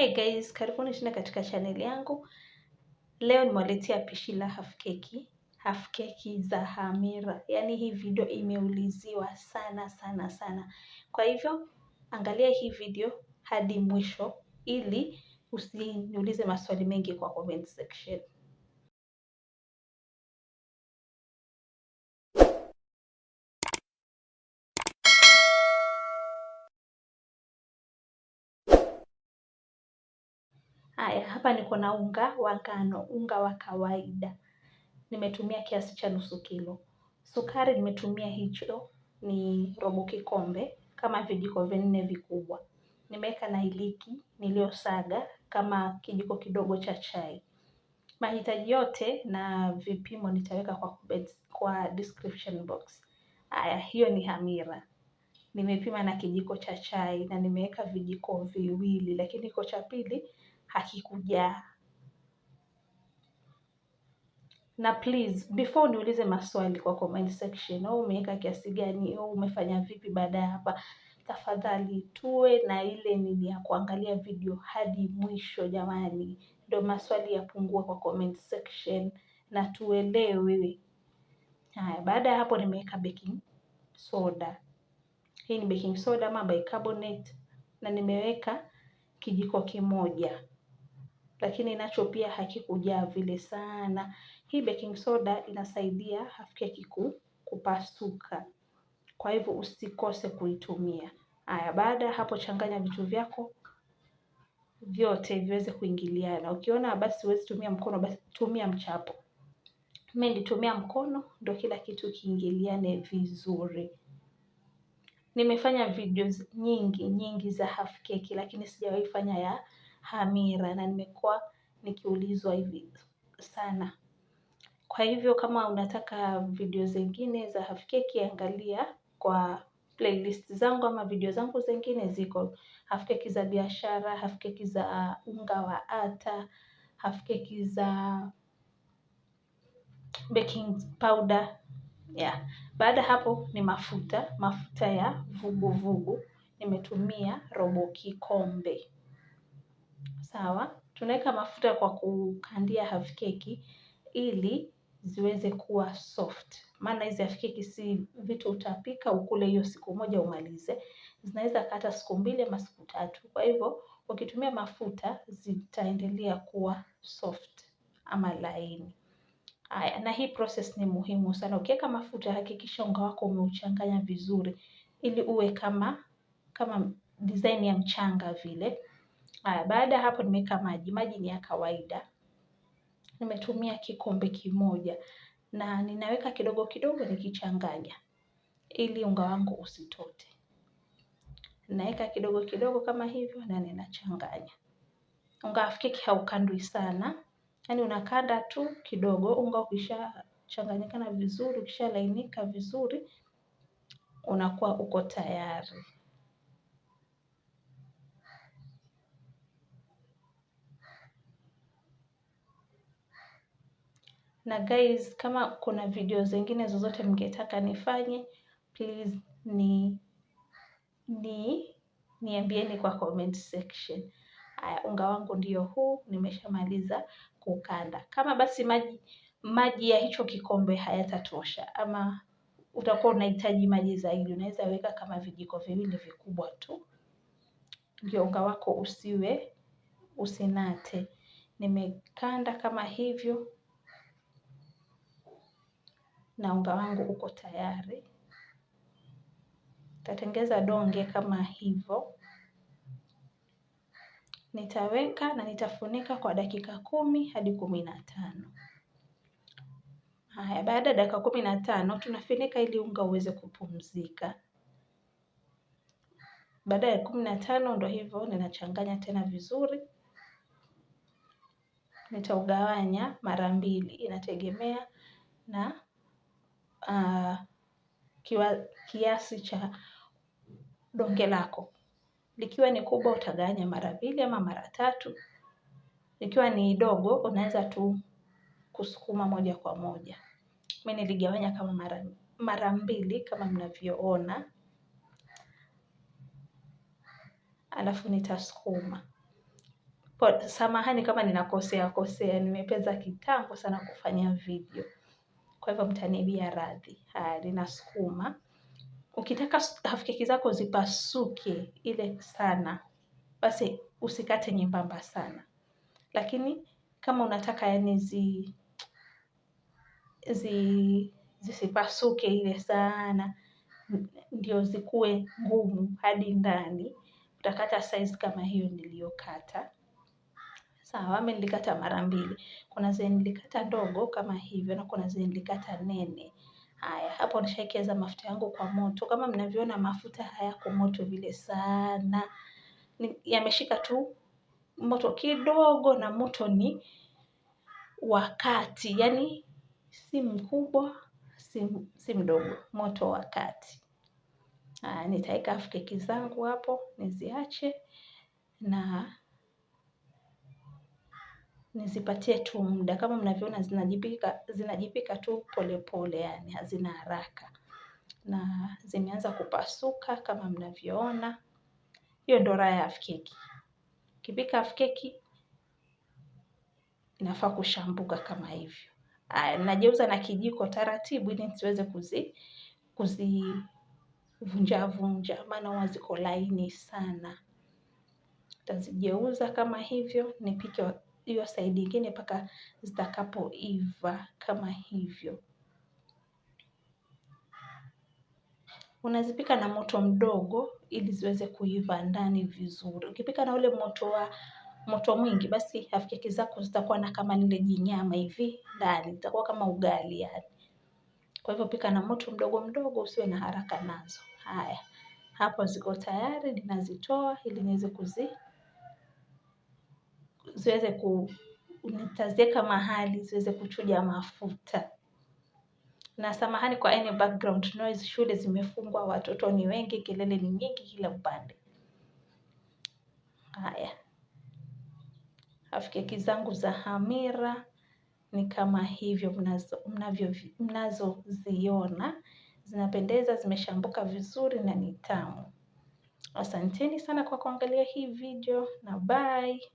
Hey guys, karibuni tena katika chaneli yangu. Leo nimewaletea pishi la half keki, half keki za hamira. Yaani hii video imeuliziwa sana sana sana, kwa hivyo angalia hii video hadi mwisho ili usiniulize maswali mengi kwa comment section. Haya, hapa niko na unga wa ngano, unga wa kawaida nimetumia kiasi cha nusu kilo. Sukari nimetumia hicho ni robo kikombe kama vijiko vinne vikubwa. Nimeweka na iliki niliyosaga kama kijiko kidogo cha chai. Mahitaji yote na vipimo nitaweka kwa kwa description box. Haya, hiyo ni hamira. Nimepima na kijiko cha chai na nimeweka vijiko viwili, lakini iko cha pili hakikujaa. Na please before niulize maswali kwa comment section, au umeweka kiasi gani au umefanya vipi baada ya hapa, tafadhali tuwe na ile nini ya kuangalia video hadi mwisho jamani, ndio maswali yapungua kwa comment section na tuelewe. Haya, baada ya hapo nimeweka baking soda. Hii ni baking soda ama bicarbonate, na nimeweka kijiko kimoja lakini nacho pia hakikujaa vile sana. Hii baking soda inasaidia hafikia kiku kupasuka, kwa hivyo usikose kuitumia. Haya, baada ya hapo, changanya vitu vyako vyote viweze kuingiliana. Ukiona basi huwezi tumia mkono, basi tumia mchapo. Mimi nilitumia mkono ndio kila kitu kiingiliane vizuri. Nimefanya videos nyingi nyingi za half cake, lakini sijawahi fanya ya hamira na nimekuwa nikiulizwa hivi sana. Kwa hivyo kama unataka video zingine za Hafkeki angalia kwa playlist zangu ama video zangu zingine ziko Hafkeki za biashara, Hafkeki za uh, unga wa ata, Hafkeki za baking powder yeah. Baada hapo ni mafuta, mafuta ya vugu vugu, nimetumia robo kikombe. Sawa, tunaweka mafuta kwa kukandia half keki ili ziweze kuwa soft. Maana hizi half keki si vitu utapika ukule hiyo siku moja umalize, zinaweza kata siku mbili ama siku tatu. Kwa hivyo ukitumia mafuta zitaendelea kuwa soft ama laini. Haya, na hii process ni muhimu sana. Ukiweka mafuta hakikisha unga wako umeuchanganya vizuri ili uwe kama kama design ya mchanga vile. Haya, baada ya hapo nimeweka maji. Maji ni ya kawaida, nimetumia kikombe kimoja na ninaweka kidogo kidogo nikichanganya, ili unga wangu usitote. Ninaweka kidogo kidogo kama hivyo na ninachanganya. Unga afikeki haukandwi sana, yaani unakanda tu kidogo. Unga ukishachanganyikana vizuri, ukishalainika vizuri, unakuwa uko tayari. na guys, kama kuna video zingine zozote mngetaka nifanye, please ni ni niambieni kwa comment section. Haya, unga wangu ndio huu, nimeshamaliza kukanda. Kama basi maji maji ya hicho kikombe hayatatosha ama utakuwa unahitaji maji zaidi, unaweza weka kama vijiko viwili vikubwa tu, ndio unga wako usiwe usinate. Nimekanda kama hivyo na unga wangu uko tayari. Nitatengeza donge kama hivyo, nitaweka na nitafunika kwa dakika kumi hadi kumi na tano. Haya, baada ya dakika kumi na tano tunafunika ili unga uweze kupumzika. Baada ya kumi na tano ndo hivyo, ninachanganya tena vizuri. Nitaugawanya mara mbili, inategemea na Uh, kiasi cha donge lako. Likiwa ni kubwa utagawanya mara mbili ama mara tatu. Likiwa ni dogo unaweza tu kusukuma moja kwa moja. Mimi niligawanya kama mara mara mbili kama mnavyoona. Alafu nitasukuma. Samahani kama ninakosea kosea, nimepeza kitambo sana kufanya video. Kwa hivyo mtanibia radhi. sukuma Ukitaka half keki zako zipasuke ile sana, basi usikate nyembamba sana, lakini kama unataka yani zi, zi, zisipasuke ile sana ndio zikuwe ngumu hadi ndani, utakata size kama hiyo niliyokata sawa, mimi nilikata mara mbili. Kuna zile nilikata ndogo kama hivyo na kuna zile nilikata nene. Haya, hapo nishaekeza mafuta yangu kwa moto. Kama mnavyoona mafuta kwa moto vile sana. Yameshika tu moto kidogo na moto ni wa kati. Yaani si mkubwa, si mdogo, moto wa kati. Nitaeka keki zangu hapo, niziache na nizipatie tu muda. Kama mnavyoona zinajipika, zinajipika tu polepole pole, yani hazina haraka, na zimeanza kupasuka kama mnavyoona. Hiyo ndo raha ya half keki. Kipika half keki inafaa kushambuka kama hivyo. Aya, najeuza na kijiko taratibu, ili nisiweze kuzi kuzivunja vunja, maana huwa ziko laini sana. Tazigeuza kama hivyo nipike hiyo side ingine mpaka zitakapoiva kama hivyo. Unazipika na moto mdogo ili ziweze kuiva ndani vizuri. Ukipika na ule moto wa moto mwingi, basi half zako zitakuwa na kama lile jinyama hivi ndani, zitakuwa kama ugali yani. Kwa hivyo pika na moto mdogo mdogo, usiwe na haraka nazo. Haya, hapo ziko tayari, ninazitoa ili niweze kuzi ziweze ku nitaziweka mahali ziweze kuchuja mafuta. Na samahani kwa any background noise, shule zimefungwa, watoto ni wengi, kelele ni nyingi kila upande. Haya, alafu keki zangu za hamira ni kama hivyo mnazoziona, zinapendeza, zimeshambuka vizuri na ni tamu. Asanteni sana kwa kuangalia hii video na bye.